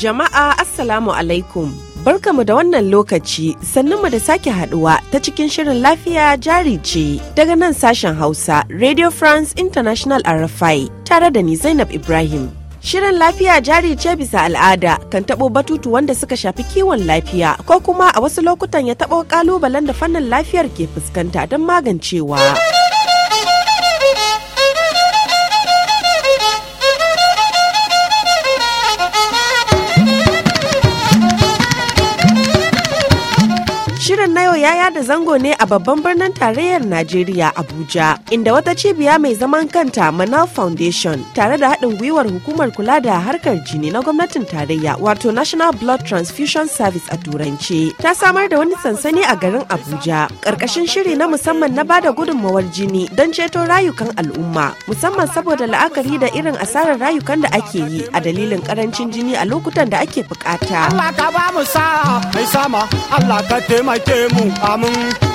Jama'a Assalamu alaikum. Barkamu da wannan lokaci mu da sake haduwa ta cikin shirin lafiya jari ce daga nan sashen Hausa Radio France International RFI tare da ni Zainab Ibrahim. Shirin lafiya jari ce bisa al'ada kan taɓo batutu wanda suka shafi kiwon lafiya ko kuma a wasu lokutan ya taɓo ƙalubalen da fannin lafiyar ke fuskanta don magancewa. ya yada zango ne a babban birnin tarayyar Najeriya Abuja, inda wata cibiya mai zaman kanta Manal Foundation tare da haɗin gwiwar hukumar kula da harkar jini na gwamnatin tarayya wato National Blood Transfusion Service a turanci. ta samar da wani sansani a garin Abuja, ƙarƙashin shiri na musamman na bada gudunmawar jini don ceto rayukan al'umma, musamman saboda la'akari da irin asarar rayukan da ake yi a dalilin ƙarancin jini a lokutan da ake bukata. Allah ka ba mu sa, mai sama, Allah ka taimake mu. among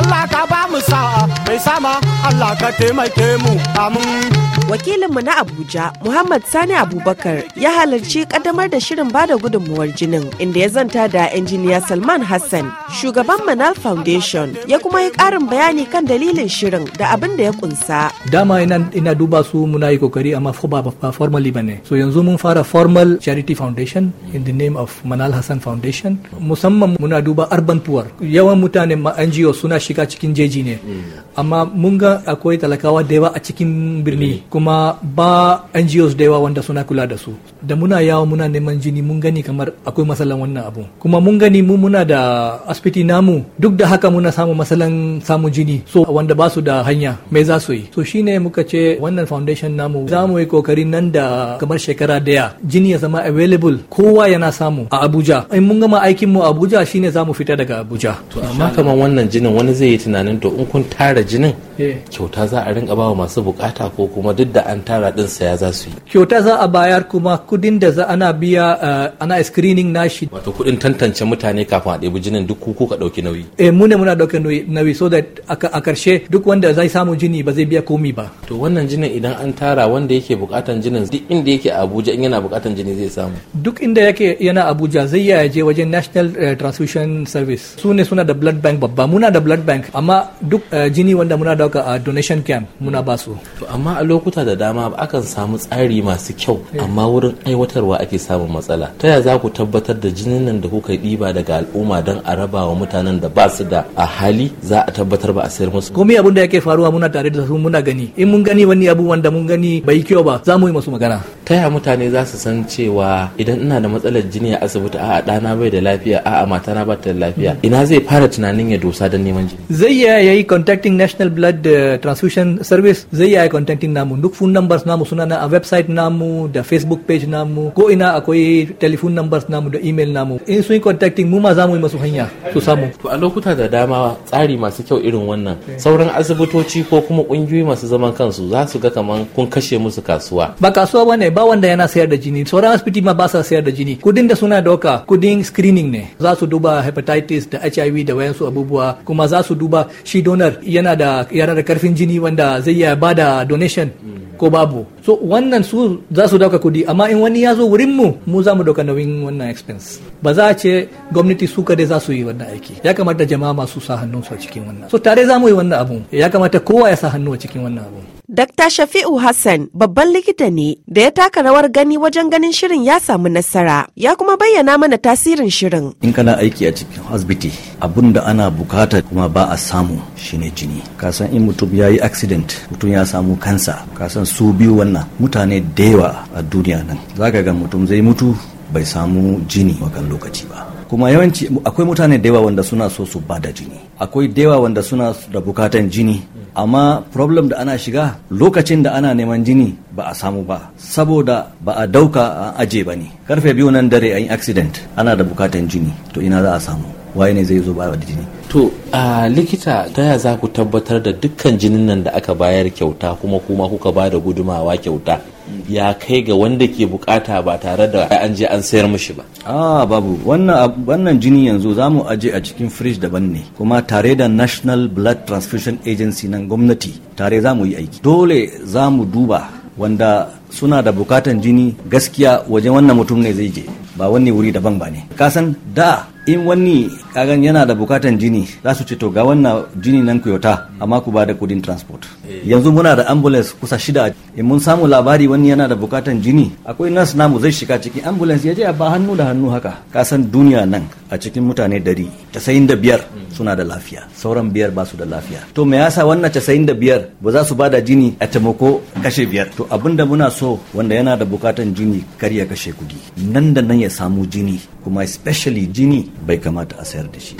Allah ka ba mu sa'a mai sama Allah ka taimake mu amin. Wakilinmu na Abuja, Muhammad Sani Abubakar, ya halarci kaddamar da shirin bada gudunmuwar jinin inda ya zanta da injiniya Salman Hassan, shugaban Manal Foundation, ya kuma yi karin bayani kan dalilin shirin da abin da ya kunsa. Dama ina, ina duba su muna yi kokari amma ba, ba formally bane. So yanzu mun fara formal charity foundation in the name of Manal Hassan Foundation. Musamman muna duba urban poor. Yawan mutane ma NGO suna shiga cikin jeji ne mm. amma mun ga akwai talakawa da yawa a cikin birni eh. kuma ba NGOs da yawa wanda suna kula da su da muna yawo muna neman jini mun gani kamar akwai matsalan wannan abu kuma mun gani mu muna da asibiti namu duk da haka muna samu matsalan samu jini so wanda ba su da hanya me za su yi so shine muka ce wannan foundation namu za mu yi kokari nan da kamar shekara daya jini ya zama available kowa yana samu a Abuja in mun gama aikin mu Abuja shine za mu fita daga Abuja to amma kamar wannan jinin wani zai yi tunanin to in kun tara tara jinin eh. kyauta za a rinka bawa masu bukata ko kuma duk da an tara din saya za su yi kyauta za a bayar kuma kudin da za ana biya eh, ana screening nashi wato kudin tantance mutane kafin a ɗebi jinin duk ku ka ɗauki nauyi eh mu ne muna ɗauki nauyi so that a karshe duk wanda zai samu jini ba zai biya komi ba to wannan jinin idan an tara wanda yake bukatan jinin duk inda yake Abuja in yana bukatan jini zai samu duk inda yake yana Abuja zai iya je wajen National eh, Transfusion Service su ne suna da blood bank babba muna da blood bank amma duk jini ne wanda muna dauka a donation camp muna ba su amma a lokuta da dama akan samu tsari masu kyau eh. amma wurin aiwatarwa ake samun matsala ta ya za ku tabbatar da jinin nan da kuka diba daga al'umma don a raba wa mutanen da ba su da a hali za a tabbatar ba a sayar musu komai abin da yake faruwa muna tare da su muna gani in mun gani wani abu wanda mun gani bai kyau ba za mu yi musu magana ta ya mutane za su san cewa idan ina da matsalar jini a asibiti a'a ɗana bai da lafiya a'a matana ba ta da lafiya mm. ina zai fara tunanin ya dosa don neman jini zai yayi contacting national blood uh, transfusion service zai yi contacting namu duk phone numbers namu suna na a website namu da facebook page namu ko ina akwai telephone numbers namu da email namu in sun yi contacting mu ma za yi masu hanya su samu to a lokuta da dama tsari masu kyau irin wannan sauran asibitoci ko kuma kungiyoyi masu zaman kansu za su ga kaman kun kashe musu kasuwa ba kasuwa bane ba wanda yana sayar da jini sauran asibiti ma ba sa sayar da jini kudin da suna dauka kudin screening ne za su duba hepatitis da hiv da wayansu abubuwa kuma za su duba shi donor yana yana da yana da karfin jini wanda zai iya ba da donation ko babu so wannan su za su dauka kudi amma in wani ya zo wurin mu mu za mu dauka nauyin wannan expense ba za a ce gwamnati su kadai za su yi wannan aiki ya kamata jama'a masu sa hannu su a cikin wannan so tare za mu yi wannan abu ya kamata kowa ya sa hannu a cikin wannan abu Dr. Shafi'u Hassan babban likita ne da ya taka rawar gani wajen ganin shirin ya samu nasara ya kuma bayyana mana tasirin shirin. In kana aiki a cikin asibiti abun da ana bukata kuma ba a samu shine jini. Kasan in mutum ya yi accident mutum ya samu kansa kasan su biyu wannan mutane da yawa a duniya nan. Zaka ga mutum zai mutu bai samu jini wakan lokaci ba. kuma yawanci akwai mutane da yawa wanda suna so su ba da jini akwai da yawa wanda suna da bukatan jini amma problem da ana shiga lokacin da ana neman jini ba a samu ba saboda ba a dauka a aje ba ne karfe biyu nan dare an yi accident ana da bukatan jini to ina za a samu waye ne zai zo ba da jini to a likita ta ya za ku tabbatar da dukkan jinin nan da aka bayar kyauta kuma kuma kuka ba da gudumawa kyauta ya kai ga wanda ke bukata ba tare da an je an sayar mishi ba ah babu wannan wannan jini yanzu za mu aje a cikin fridge daban ne kuma tare da national blood transfusion agency nan gwamnati tare za mu yi aiki dole za mu duba wanda suna da bukatan jini gaskiya wajen wannan mutum ne zai je ba wani wuri daban ba ne kasan da in wani kagan yana da bukatan jini za su ce to ga wannan jini nan kuyota amma ku ba da kudin transport eh. yanzu muna da ambulance kusa shida in mun samu labari wani yana da bukatan jini akwai nas namu zai shiga cikin ambulance ya je ba hannu da hannu haka kasan duniya nan a cikin mutane dari casa'in da biyar hmm. suna da lafiya sauran biyar ba su da lafiya to me yasa wannan casa'in da biyar ba za su ba da jini a taimako kashe biyar to abinda muna so wanda yana da bukatan jini kar ya kashe kudi nan da nan ya samu jini kuma especially jini bai kamata a sayar da shi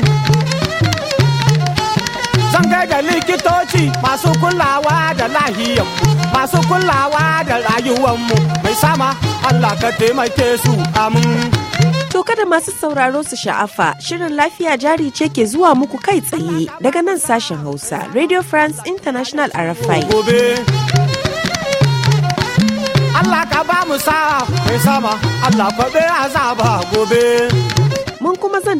zan kai ga likitoci masu kulawa da lahiyar masu kulawa da rayuwanmu mai sama allah ka taimake su amin To kada masu sauraro su sha'afa shirin lafiya jari ce ke zuwa muku kai tsaye daga nan sashen Hausa Radio France International RFI. Allah ka ba mu sa'a mai sama Allah bai azaba gobe.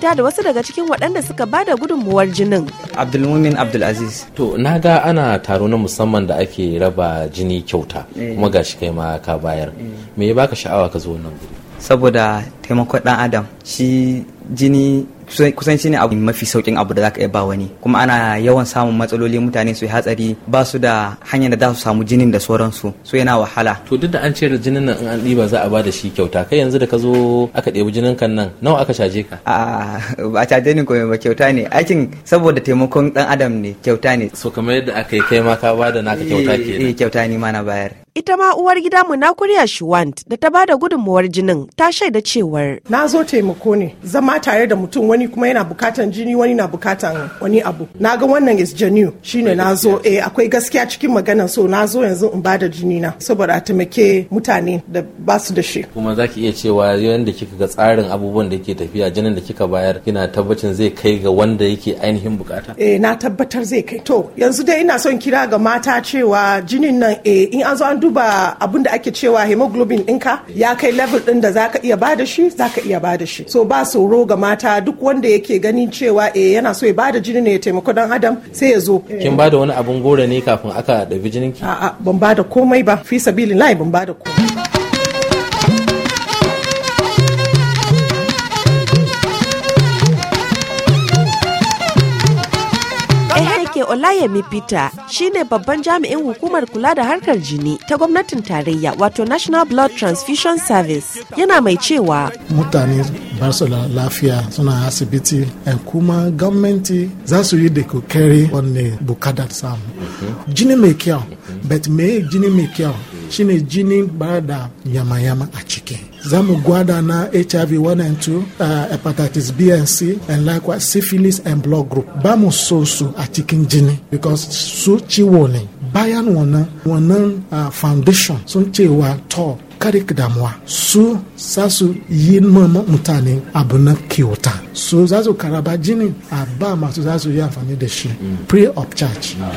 manta da wasu daga cikin waɗanda suka ba da gudunmuwar jinin. Abdulmumin Abdulaziz. To na ga ana taro na musamman da ake raba jini kyauta eh. kuma gashi kai ma ka bayar. Eh. Me ya baka sha'awa ka zo nan? Saboda taimakon ɗan Adam shi jini kusan ne abu mafi saukin abu da zaka iya ba wani kuma ana yawan samun matsaloli mutane su yi hatsari ba su da hanyar da za su samu jinin da sauransu su yana wahala to duk da an ce jinin nan in an ɗiba za a ba da shi kyauta kai yanzu da ka zo aka ɗebi jinin kan nan nawa aka caje ka a ba caje ni ba kyauta ne aikin saboda taimakon dan adam ne kyauta ne so kamar yadda aka yi kai ma ka ba da naka kyauta eh, ke eh, kyauta ni ma na bayar Ita ma uwar gida Munakuriya Shuwant da ta bada gudunmuwar jinin ta shaida cewar. Na zo taimako ne zama tare da mutum wani kuma yana bukatan jini wani na bukatan wani abu. Na ga wannan is genuine shine na zo eh akwai gaskiya cikin maganan so na zo yanzu in bada jini na saboda a taimake mutane da ba su da shi. Kuma zaki iya cewa yanda kika ga tsarin abubuwan da ke tafiya jinin da kika bayar kina tabbacin zai kai ga wanda yake ainihin bukata. Eh na tabbatar zai kai to yanzu dai ina son kira ga mata cewa jinin nan eh in an zo an duba abin da ake cewa hemoglobin ɗinka ya kai level ɗin da za ka iya bada shi za ka iya bada shi so ba tsoro ga mata duk wanda yake ganin cewa eh yana so ya bada jini ne ya taimako dan adam sai ya zo kin bada wani abun goro ne kafin aka ɗabi jinin ki a'a ban bada komai ba fi sabilillahi ban bada komai Ike Olayemi Peter shine babban jami'in hukumar kula da harkar jini ta gwamnatin tarayya wato National Blood Transfusion Service yana mai cewa mutane ba lafiya suna asibiti eh, kuma gwamnati za su yi da kokari wanne bukadar samu. Jini mai kyau, bet me jini mai kyau shine jinin bada yamayama yama-yama a ciki za mu gwada na hiv 1 and 2 uh, hepatitis b and c and likewise syphilis and blood group ba mu so su a cikin jini because su ciwo ne bayan wannan wannan uh, foundation sun cewa to kare damuwa su za su yi mama mutane abu na kyauta su za su karaba jini a ba masu za su yi amfani da shi pre mm. of charge ah.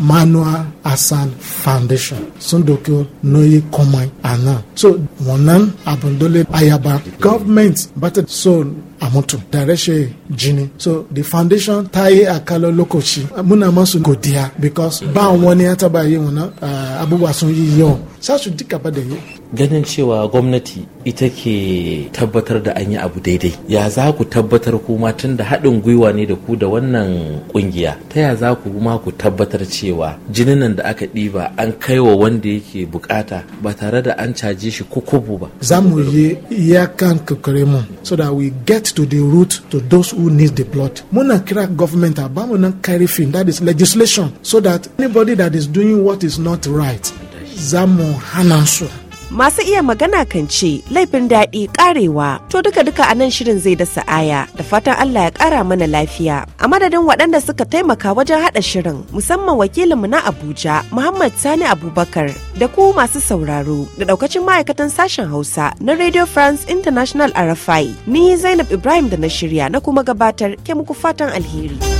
manual asan foundation sun doki noyi komai a nan so wannan abin dole ayaba government ba ta so a mutu da rashe jini so the foundation ta yi akalo lokaci muna masu godiya because ba wani ya taba yi wannan ah, abubuwa sun yi yau sa su dika ba da yi ganin cewa gwamnati ita ke tabbatar da an yi abu daidai ya za ku tabbatar kuma tun da haɗin gwiwa ne da ku da wannan ƙungiya? ta ya za ku kuma ku tabbatar cewa jinin da aka ɗiba an kai wa wanda yake bukata ba tare da an caje shi kukubu ba za mu yi iyakan mu so that we get to the root to those who need the blood muna kira government a ba mu nan carry fin that is legislation so that anybody that is doing what is not right za mu hana su masu iya magana kan ce laifin daɗi ƙarewa to duka duka a nan shirin zai da sa'aya da fatan Allah ya ƙara mana lafiya a madadin waɗanda suka taimaka wajen haɗa shirin musamman wakilinmu na Abuja Muhammad Sani Abubakar da ku masu sauraro da ɗaukacin ma'aikatan sashen Hausa na Radio France International RFI ni Zainab Ibrahim da na shirya na kuma gabatar ke muku fatan alheri.